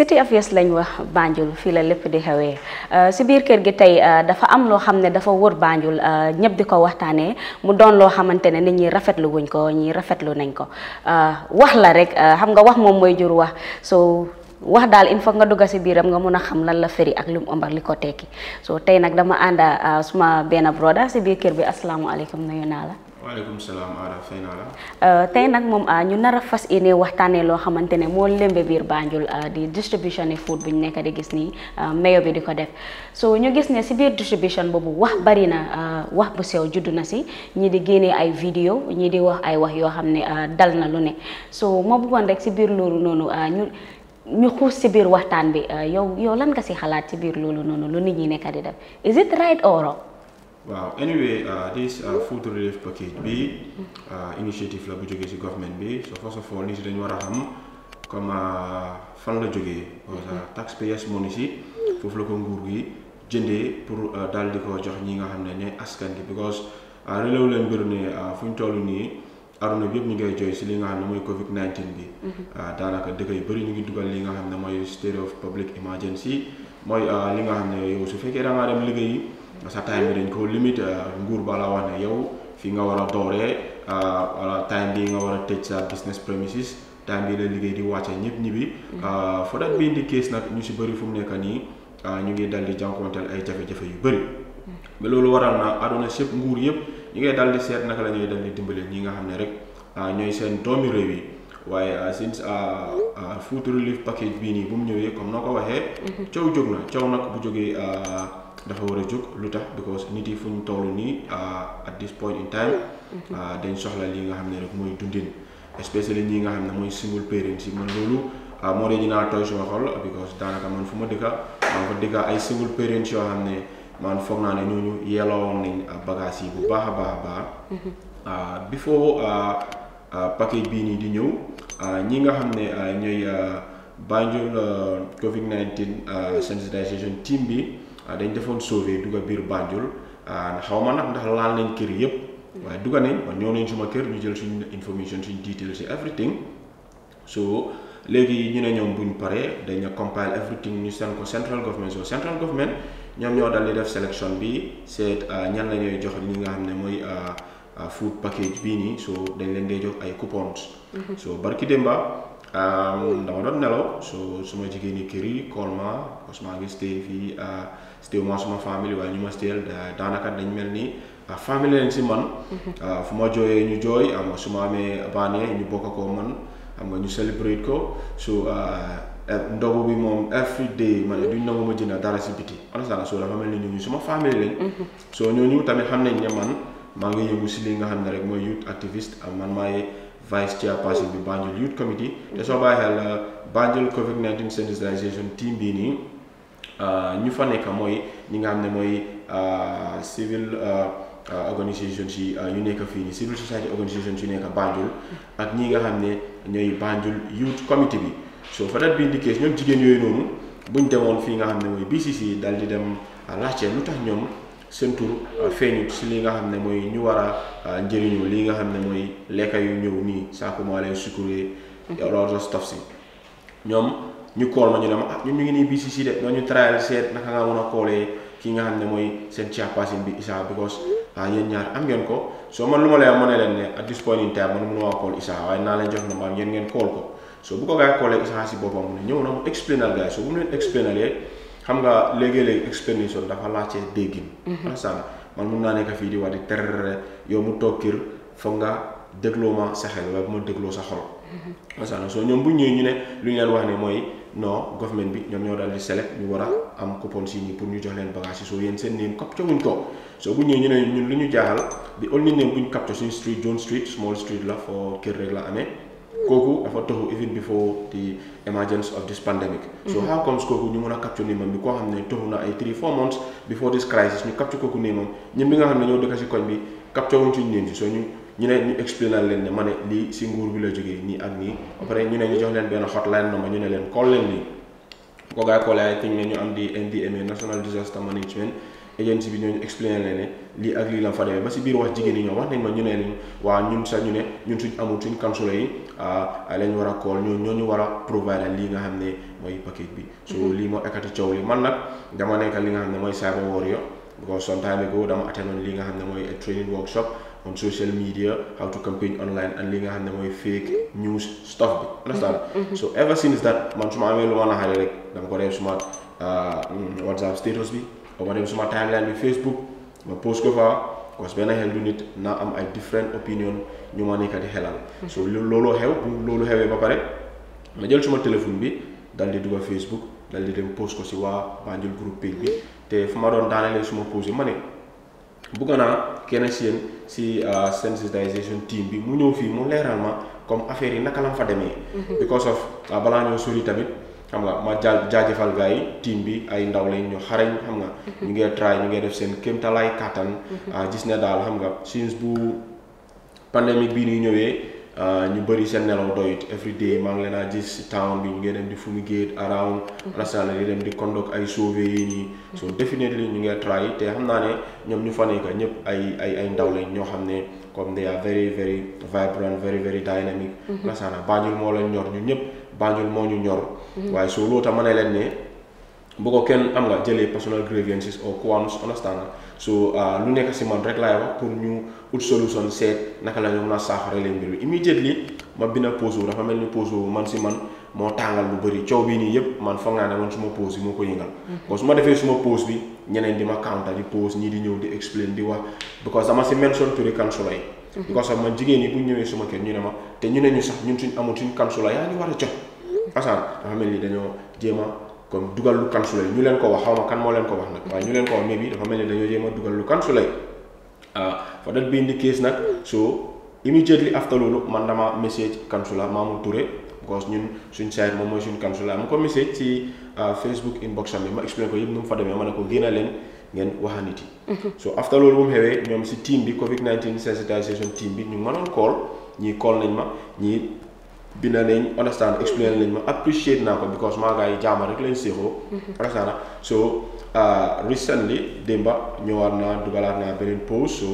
City Affairs lañ wax Banjul fii la lépp di xewee euh, si biir kër gi tey euh, dafa am loo xam ne dafa wër Banjul euh, ñëpp di ko waxtaanee mu doon loo xamante ne nit ñi rafetlu wuñ ko ñi rafetlu nañ ko wax la rek xam nga wax moom mooy jur wax soo wax daal il faut nga dugg si biiram nga mun a xam lan la firi ak lu mu ëmbar li ko tekki soo tey nag dama ànd suma benn broda si biir kër bi asalaamaaleykum nuyu naa la. waaleykum salaam ala fay eh, naa la. tey eh, nag moom ñu nar a fas yéene waxtaanee loo xamante ne moo lembe biir Banjul eh, di distribution food bu ñu nekk di gis nii mayo bi di ko def so ñu gis ne si biir distribution boobu wax bari na wax bu sew juddu na si ñi di génnee ay vidéo ñi di wax ay wax yoo xam ne dal na lu ne so ma bëggoon rek si biir loolu noonu ñu ñu xuus si biir waxtaan bi yow yow lan nga si xalaat si biir loolu noonu lu nit ñi nekk di def is it right or wrong waaw anyway uh, this uh, food relief package bi uh, initiative la bu jógee ci government bi so first of all nit yi dañu war a xam comme uh, fan la jógee parce taxpayers money si foofu la ko nguur gi jëndee pour uh, daal di ko jox ñi nga xam ne ne askan gi because relew leen mbir ne fu ñu toll nii aruna bi yëpp ñu ngay jooy si li nga xam ne mooy covid 19 bi mm-hmm. daanaka dëkk yu bari ñu ngi dugal li nga xam ne mooy state of public emergency mooy li nga xam ne yow su fekkee dangaa sa time bi dañ ko limit nguur ba la wax ne yow fi nga war a wala time bi nga war business premises time bi la liggéey di wàcce ñëpp ñibbi for that being the case nag ñu si bëri fu mu nekk nii ñu ngi dal di jànkuwanteel ay eh, jafe-jafe yu hmm. bari ba loolu waral na aduna sépp nguur yëpp ñu ngi dal di seet naka la ñuy dal di dimbale ñi nga xam ne rek ñooy seen doomi réew yi waaye since eh, eh, food relief package bii nii bu mu ñëwee comme noo ko waxee hmm. coow jóg na coow nag bu jógee dafa wara a jóg lu tax because nit yi fu ñu toll nii uh, at this point in time mm-hmm. uh, dañ soxla li nga xam ne rek mooy dundin especially ñi nga xam ne mooy single parents yi man loolu uh, moo dee dinaa toy suma xol because daanaka man fu ma dëkka maa fa dëkka ay single parents yoo xam ne man foog naa ne ñooñu yeeloowoon nañ bagage yi bu baax a baax a baax mm-hmm. before paquet bii nii di ñëw ñi nga xam ne ñooy Banjul COVID-19 sensitisation team bi Ah, dañ defoon sauvé dugga biir Banjul ah, xaw ma nag ndax laal nañ kër yëpp waaye dugga nañ man ñoo nañ suma kër ñu jël suñu information suñu details si everything so léegi ñu ne ñoom buñ paree dañ compile everything ñu seen ko central government so central government ñoom ñoo dal di def sélection bi seet ah, ñan la ñuy jox ñi nga xam ne mooy food package bii nii so dañ leen dee jox ay coupons mm-hmm. so barki démba Um, dama doon nelaw so suma jigéen yi kër yi call ma parce que maa ngi stay fii uh, eh, stay ma suma famille waaye ñu ma stayal daanaka dañ mel ni eh, famille leen si man uh, mhm. eh, fu ma jooyee ñu jooy am nga su ma amee baanee ñu bokk ko man am nga ñu celebrate ko so uh, ndogu bi moom every day ma ne duñ nangu ma jënd dara si biti anasana so dafa mel ni ñooñu suma famille lañ mhm. so ñooñu tamit xam nañ ne man maa ngi yëngu si li nga xam ne rek mooy youth activiste man maay vice chairperson bi Banjul Youth Committee te soo bàyyi xel euh, Banjul Covid 19 sensitisation team bii nii euh, ñu fa nekk mooy ñi nga xam ne mooy euh, civil organisations yi yu nekk fii nii civil society organisations yu nekk Banjul ak ñi nga xam ne ñooy Banjul Youth Committee bi so for bii being the case ñoom jigéen yooyu noonu buñ demoon fii nga xam ne mooy BCC dal di dem laajte lu tax ñoom seen tur euh, feeñu si li nga xam ne mooy ñu war a euh, njëriñu li nga xam ne mooy lekka yu ñëw nii saako maa leen sucré mhm. loolu sa staf si ñoom ñu kool ma ñu ne ma ah ñu ngi nii BCC de ñoo ñu trial seet naka nga a koolee ki nga xam ne mooy seen chairperson bi Issa because ah yéen ñaar am ngeen ko soo man lu ma lay am ma ne leen ne at this point in time man mënu maa kool Issa waaye naa leen jox na maam yéen ngeen kool ko so bu ko gaa yi koolee Issa si boppam mu ne ñëw na mu explainal gars yi so bu mu leen explainalee xam nga léegi-léegi explanation dafa laajte déggin. instant mhm. man mun naa nekk fii di wax di terre yow mu toog kër foog nga dégloo ma sa xel waaye bu ma dégloo sa xol. instant mhm. soo ñoom bu ñëwee ñu ne lu ñu leen wax ne mooy non government bi ñoom ñoo daal di select ñu war a am coupon si nii pour ñu jox leen bagage yi soo yéen seen name capture wuñ ko. soo bu ñëwee ñu ne ñun lu ñu jaaxal di only name bu ñu capture street John Street small street la foo kër la kooku dafa taxu even before the emergence of this pandemic so mm-hmm. how comes kooku ñu mëna capture ni mom bi ko xam taxu na ay 3 4 months before this crisis ñu capture kooku ni mom ñi bi nga xam ñoo dëkk ci koñ bi capture wuñ ci ñeen ci so ñu ñu né ñu expliqué leen né mané li ci nguur bi la jógee ni ak ni après ñu né ñu jox leen ben hotline number ñu né leen call leen ni ko gaa ko lay tin ñu am di NDMA National Disaster Management agency bi ñooñu expliqué leen né li ak li la fa demee ba ci biir wax jigéen ñoo wax nañ ma ñu né leen waa ñun sa ñu né ñun suñ amul suñ consulé yi lañ war a call ñoo ñoo ñu war a provide lii nga xam ne mooy package bi so mhm. lii moo ekkati coow li man nag dama nekk li nga xam ne mooy cyber warrior because some time ago dama attendoon li nga xam ne mooy training workshop on social media how to campaign online and li nga xam ne mooy fake news stuff bi understand mhm, mhm. so ever since that man su ma amee lu ma naxare rek dama ko def suma uh, mm, whatsapp status bi ma dem suma timeline bi facebook ma post ko fa parce que benn xel nit naa am ay different opinion ñu ma nekk di xelal so Lolo, xew bu loolu xewee ba pare ma jël suma téléphone bi dal di dugal facebook dal di dem post ko si waa Banjul groupe page bi te fu ma doon daanelee suma posé ma ne bugg naa kenn si yéen si ah, sensitisation team bi mu ñëw fii mu leeral ma comme affaire yi naka la fa demee mhm. because of ah, balaa ñoo sori tamit xam nga ma jaa jaajëfal yi team bi ay ndaw lañ ñu xarañ xam nga. Mhm. ñu ngi try ñu ngi def seen kéemtalaay kattan mhm. ah, gis ne daal xam nga since bu pandémique bii ni ñëwee ah, ñu bari seen nelaw doyut every day maa ngi leen a gis si town bi ñu ngi dem di fumigate around. understand mhm. di dem di conduct ay sauver yi nii. so definitely ñu ngi try te xam naa ne ñoom ñu fa nekk ñëpp ay ay ay ndaw lañ ñoo xam ne. comme they are very very vibrant very very dynamic. Mm-hmm. nasaana Banjul moo leen ñor ñun ñëpp Banjul moo ñu ñor. Mm-hmm. waaye soo loolu tam ma ne leen ne bu ko kenn am nga jële personal grievances or qualms understand so ah, lu nekk si man rek laay wax pour ñu ut solution seet naka la ñu a saafara leen mbir bi immediately ma bina poso dafa mel ni poso man si man. moo tàngal bu bëri coow bii nii yëpp man foog naa ne man suma pause bi moo ko yëngal. kon su ma defee suma pause bi ñeneen di ma counter di pause ñii di ñëw di explain di wax because dama si mention turi kansula yi. Mhm. because man jigéen ñi bu ñëwee suma kër ñu ne ma te ñu ne ñu sax ñun suñ a jox. Assane mel ni dañoo jéem a comme dugal lu kansula yi ñu leen ko wax xaw ma kan moo leen ko wax nag. waaye ñu leen ko wax mais bi dafa mel ni dañoo jéem a dugal lu kansula yi ah for that being the case nag so immediately after loolu man dama message kansula Mamour course ñun suñ site moom mooy suñ consulat mu ko message ci euh, Facebook inbox am yi ma expliqué ko yëpp nu mu ko génna leen ngeen waxa nit yi mhm. so after loolu bu mu xewee ñoom si team bi covid 19 sensitisation team bi ñu nañ ma ñii binda nañ understand explain nañ ma appreciate naa ko because maa gaa yi jaama rek lañ séexoo understand mhm. na so euh, recently démba ñëwaat naa dugalaat naa beneen pause so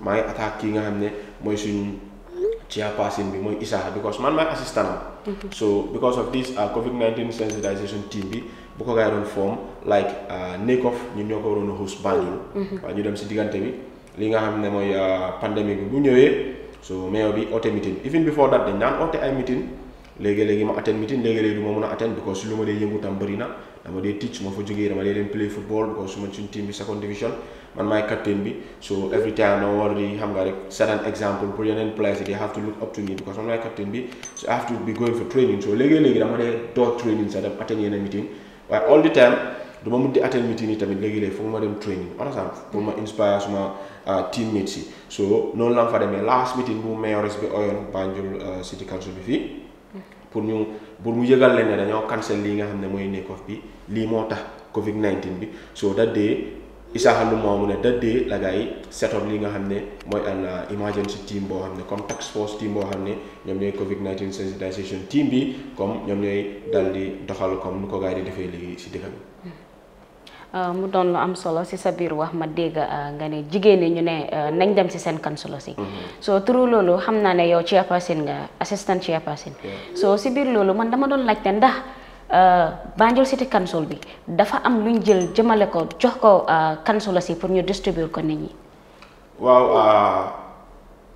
maa ngi attaque kii nga xam ne mooy suñ chairperson bi mooy Issa because man maay assistant am Mm-hmm. So because of this uh, COVID-19 sensitization team because I don't form like uh, NACOF ñun ñoo ko waroon a host Banjul. I mm-hmm. uh, ñu dem si diggante TV. li nga xam ne mooy uh, pandémie so mayor bi meeting even before that the non oote meeting. léegi-léegi ma attend meeting léegi-léegi du ma mën a attend because lu ma dee yëngu tam na dama dee teach ma fa jógee dama dee leen su ma suñ team dama war di xam nga rek set an example pour yeneen players yi bi so I have to waaye all the time du mun di attend meeting tamit léegi-léegi foog ma dem training understand pour ma inspire suma ah, teammates yi so noonu la fa demee last meeting bu mayores bi oyoon Banjul ah, City Council bi fii pour ñu pour mu yëgal leen ne dañoo cancel lii nga xam ne mooy nekkof bi lii moo tax Covid 19 bi so that day Isaaxa lu moomu ne that day la gars yi set up li nga xam ne mooy an uh, emergency team boo xam ne comme task force team boo xam ne ñoom ñooy Covid 19 sensitisation team bi comme ñoom ñooy dal di doxal comme nu ko gars yi di defee léegi si dëkk bi. Eh, mu don lu am solo ci sa bir wax ma deg eh, nga ne jigeene ñu ne eh, nañ dem si kan solo ci so turu lolu xamna ne yow chairperson nga assistant chairperson so ci bir lolu man dama doon te ndax Banjul City Council bi dafa am luñ jël jëmalé ko jox ko solo ci pour ñu distribuer ko nit ñi waaw ah,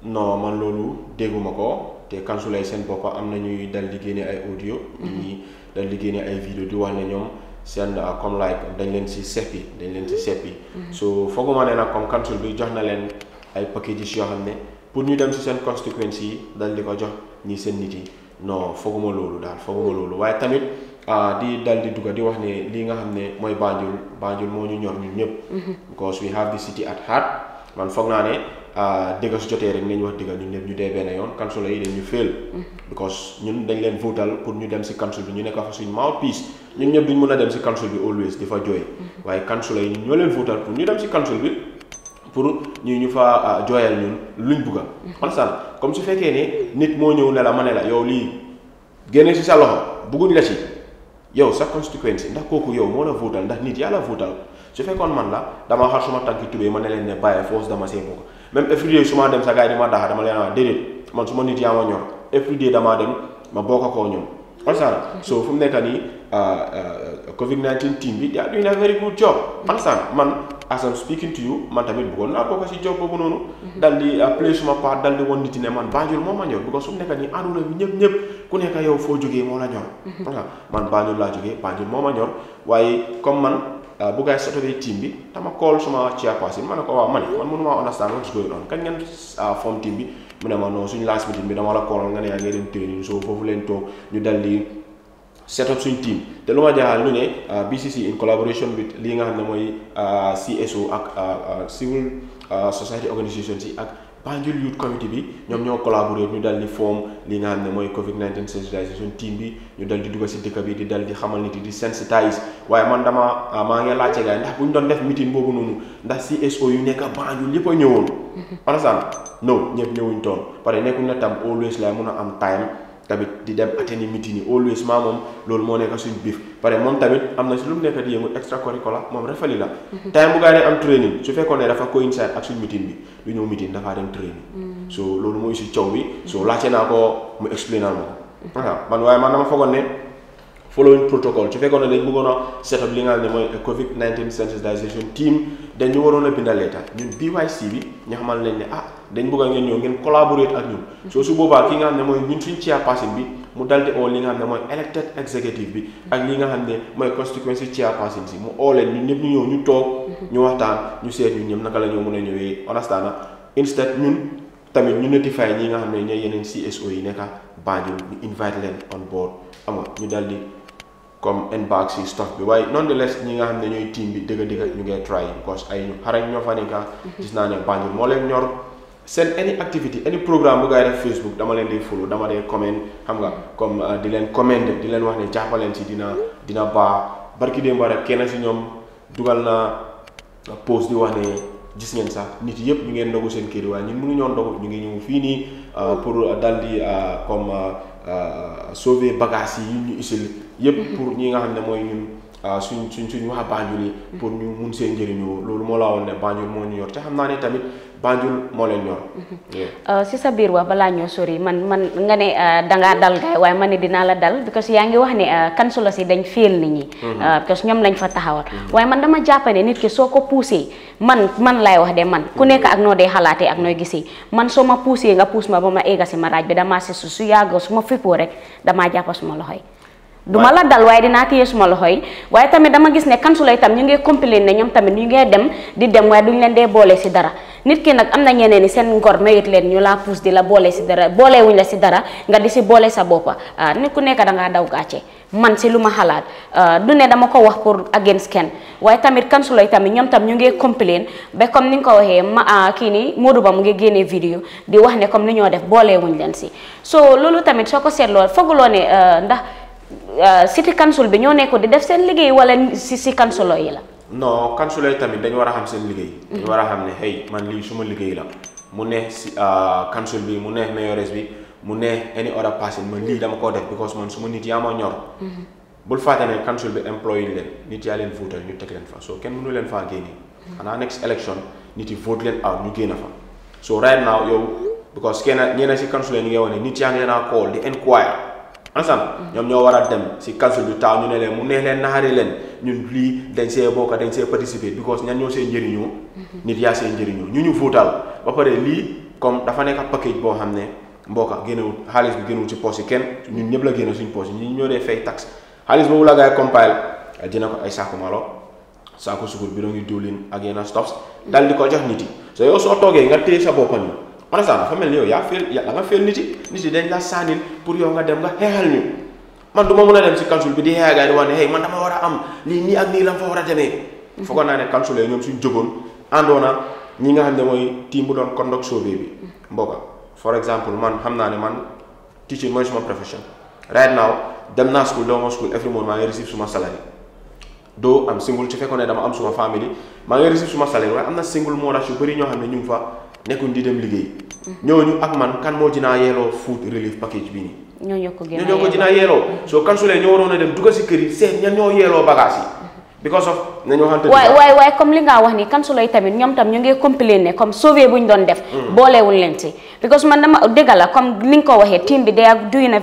non man lolu dégguma ko te solo ay sen am na ñuy dal di ay audio mhm. ñi dal di génne ay vidéo di wal ne ñom seen uh, comme like dañ leen si seppi dañ leen si mm-hmm. seppi. Mm-hmm. so fooguma ne nag comme council bi jox na leen ay packages yoo xam ne pour ñu dem si seen constituency yi dal di ko jox ñi seen nit yi non fooguma loolu daal fooguma mm-hmm. loolu waaye tamit uh, di dal di dugga di wax ne lii nga xam ne mooy Banjul Banjul moo ñu ñor ñun ñëpp. because we have the city at heart man foog naa ne. Uh, dëgg su jotee rek nañ wax dëgg ñun ñëpp ñu dee benn yoon council yi dañ ñu fail. because ñun dañ leen votal pour ñu dem si council bi ñu nekk fa suñu mouthpiece ñun ñëpp duñ mën a dem si council bi always di fa jooy waaye council yi ñoo leen fóotal pour ñu dem si council bi pour ñu ñu fa ah, jooyal ñun luñ bugga xam comme su fekkee ne nit moo ñëw ne la ma ne la yow lii génne si sa loxo bugguñ la si yow sa constituency ndax kooku yow moo la fóotal ndax nit yaa la fóotal su fekkoon man la dama xar suma tànki tubéy ma ne leen ne bàyyi force dama see bokk même every day su dem sa gars di ma daxa dama leen wax déedéet man ma nit yaa ma ñor every day ma bokk koo ñoom xam so fu mu nekk nii Uh, uh, uh, COVID-19 team bi they are doing a very good job Man, mm-hmm. understand man as I'm speaking to you man tamit bëggoon naa ko si job boobu nonu. Mm-hmm. dal di play suma part dal di won nit ne man Banjul mo ma ñor because su mu nekk nii àdduna bi nyep, ñëpp ku nekk yow fo joggé mo la ñor mm-hmm. man Banjul la joggé Banjul mo ma ñor waye comme man bu gay Saturday team bi dama call suma ci ma man ko wa man man mënuma understand what's going on kan ngeen form team bi mu ne ma non suñu last meeting bi dama la call nga ne ya ngeen dem training so fofu len tok ñu dal di set up suñ team te lu ma jaaxal ñu ne ah, BCC in collaboration with lii nga xam ne mooy ah, CSO ak ah, civil society organisation yi ak Banjul Youth Committee bi ñoom ñoo collaboré ñu dal di form li nga xam ne mooy Covid 19 sensitisation team bi ñu dal di dugg si dëkk bi di dal di xamal nit yi di sensitise waaye man dama maa ngi laajte gars yi ndax bu ñu doon def meeting boobu noonu ndax CSO yu nekk Banjul yëpp a ñëwoon. par a non ñëpp ñëwuñ toon pare nekkuñ na tam always lay am time. tamit di dem ateni meeting yi always maa moom loolu moo nekk suñu biif pare moom tamit am na si lu mu nekk di yëngu extracurricular moom refali la mhm. time bu gaa yi am training su fekkoon ne dafa coincide ak suñu meeting bi du ñëw meeting dafaa dem training mhm. so loolu mooy si coow bi so mhm. laajte naa ko mu explainal ma man waaye man dama foogoon ne following protocol su fekkoon ne dañ bëggoon a set li nga ne mooy covid 19 team dañu waroon a bindal leeta ñun PYC bi ñu xamal leen ne ah dañ bëgg a ngeen ñëw ngeen collaborer ak ñun. soo su boobaa ki nga xam ne mooy ñun suñ bi mu daldi oo li nga xam ne mooy elected executive bi ak li nga xam ne mooy constituency chairperson si mu oo leen ñun ñëpp ñu ñëw ñu toog. ñu waxtaan ñu seet ñun ñëpp naka la ñoo mën a ñëwee understand instead ñun. tamit ñu notify ñi nga xam ne ñooy yeneen CSO yi nekka Banjul ñu invite leen on board xam nga ñu daldi comme inbox yi stock bi waaye nonetheless ñi nga xam ne ñooy team bi dëgg dëgg ñu ngay try because ay ñu xarañ ñoo fa nekka mhm. gis naa ne bànjul moo leen ñor seen any activity any programme bu gaay def facebook dama leen di follow dama day comment xam nga comme euh, di leen comment di leen wax ne jàppaleen si dina mhm. dina baa barki ba rek kenn si ñoom dugal na post di wax ne gis ngeen sax nit yépp ñu ngeen ndogu seen kër waaye ñun mënu ñoo ndogu ñu ngi ñëw fii nii euh, mhm. pour dal di euh, comme sauver bagage yi ñu isil yep iya, pour ñi nga xamne moy ñun ah, suñ suñ suñ wax banjul yi pour ñu mun seen jëriñu loolu mo la won ne banjul mo ñu yor te xamna ne tamit banjul mo leen ñor si sa bir wa bala ñoo sori man man nga ne da nga dal gay way man ne la dal parce que yaa wax wax kan solo ci dañ féel nit ñi parce mhm. eh, que ñoom lañ fa taxawal mhm. way man dama jàpp nit ki soko pousser man man lay wax de man mhm. ku nekk ak no dee xalaatee ak noy man soma pusi nga pousse ma égasi ma raaj bi dama ci su su yàggoo su rek dama jappas suma loxoy duma la dal way dina ki yesuma loxo yi waaye tamit dama gis ne kan lay tam ñu ngi complain ne ñoom tamit ñu ngi dem di dem way duñ leen dé bolé ci dara nit ki nak amna ñeneen ni sen ngor mayit leen ñu la pousse di la bolé ci dara bolé wuñ la ci dara nga di ci bolé sa bopa ah, nit ku nekk da nga daw gàcce man ci luma xalaat ah, du ne dama ko wax pour against ken waaye tamit kansu lay tam ñom tam ñu ngi complain be comme ni nga ko ma ah, ki ni Modou Ba mu ngi génné vidéo di wax ne comme ni ñoo def bolé wuñ leen ci so lolu tamit sét ko fogu lo né ndax Euh, city council bi ñoo nekkoon di def seen liggéey wala si si councilor yi la. non councilor yi tamit dañu war a xam seen liggéey. Mm. dañu war a xam ne hey man lii suma liggéey la mu ne si euh, council bi mu ne mayoress bi mu ne any other person man lii dama koo def because man suma nit yaa ma ñor. Mm-hmm. bul fàtte ne council bi employé leen nit yaa leen votal ñu teg leen fa soo kenn mënu leen faa génne. Mm-hmm. xanaa next election nit yi vote leen out ñu génne fa so right now a Ansam, mm. ñom ñoo wara dem si council du taw ñu ne leen mu neex leen naari leen ñun li dañ sé bokk dañ sé participer because ñan ñoo sé jëriñu nit ya sé jëriñu ñu ñu votal ba paré li comme dafa nek package bo xamné mboka mbooka génnewul xaalis bi génnewul si poos ken kenn ñun ñëpp la génne suñ poos ñi ñoo dé fay tax xaliss boobu la gaay compile dina ko ay saxu malo saxu sukur bi ngi diwlin ak yena stops mm. dal di ko jox nit yi so yow so toogee nga téye sa bopam man sax dafa mel ni yow yaa féel da nga féel nit yi nit yi dañ la sànnil pour yow nga dem nga xeexal ñu man du ma a dem si council bi di xeex gaay di wax man dama war a am lii nii ak nii la fa war a demee. Mhm. foogoon naa ne council yooyu ñoom suñ jógoon àndoon ñi nga xam ne mooy team bu doon conduct survey bi. Mhm. mboga for example man xam naa ne man teaching mooy suma profession right now dem naa school dama school every month maa ngi receive doo am single ci fekkoon am suma famille maa ngi receive suma salaire waaye na single moo tax bëri ñoo xam ne ñu ngi fa nekkuñ dem liggéey ñooñu ak man kan moo dinaa yeeloo food relief package bi nii. ñoo ñoo ko gën a ñoo ko dinaa yeeloo soo a dem dugal si kër yi seet ñan ñoo yeeloo bagage yi. because waaye comme li nga wax ni kansulo yi tamit ñoom tam ñu ngi ne comme sauvé bu ñu doon def mm. boolewul leen si because man dama dégg la comme li nga ko waxee team bi they are doing a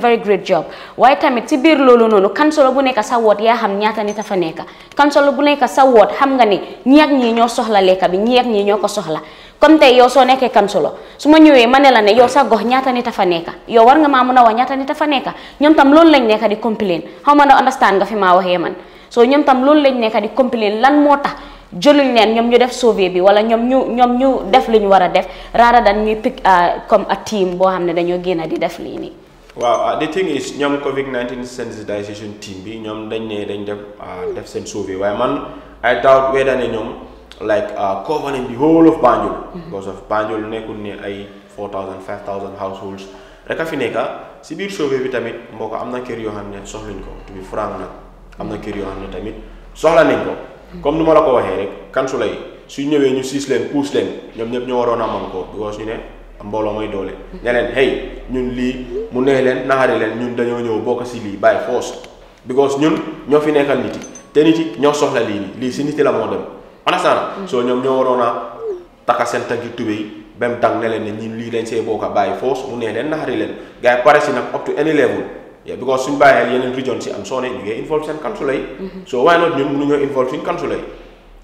waaye tamit si biir loolu noonu kansulo bu nekk sa woot yaa xam ñaata ni a nekka nekk kansulo bu nekk sa woot xam nga ni ñi ak ñoo soxla lekka bi ñi ñii ñoo ko soxla comme tey yow soo nekkee kan kansulo su ma ñëwee ma ne la ne yow sa gox ñaata nit a fa nekka yow war nga maa mun a wax ñaata nit a fa nekka ñoom tam loolu lañ nekka di complain xaw ma ne understand nga fi maa waxee man soo ñoom tam loolu lañ nekka di complain lan moo tax jëluñ leen ñoom ñu def sauvé bi wala ñoom ñu ñoom ñu def li ñu war a def rather than ñuy pick uh, comme a team boo xam ne dañoo génn di def lii nii. waaw uh, the thing is ñoom Covid 19 sensitisation team bi ñoom dañ ne dañ def uh, def seen sauvé waaye man I doubt whether ne ñoom. like uh, covering the whole of Banjul. because of Banjul nekkul ne ay 4000 5000 households rek a fi nekka si biir sauvé bi tamit mbokk am na kër yoo xam ne soxluñ ko to be frank nag am na kër yoo xam ne tamit soxla nañ ko. comme ni ma la ko waxee rek kansula yi su ñëwee ñu siis leen puus leen ñoom ñëpp ñoo waroon a man ko because ñu ne mbooloo mooy doole. ne leen hey ñun lii mu neex leen naxari leen ñun dañoo ñëw bokk si lii by force because ñun ñoo fi nekkal nit yi te nit yi ñoo soxla lii lii si la moo dem. understand so ñoom ñoo waroon a taka seen tànki tubéy bem dang ne ne ñun lii lañ see boo bàyyi force mu neex leen naxari leen gars yi pare si nag up to any level yeah because suñ bàyyi xel yeneen region si am soo ne ñu ngee involve seen council yi mm-hmm. so why not ñun mënuñoo involve suñ council yi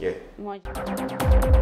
yeah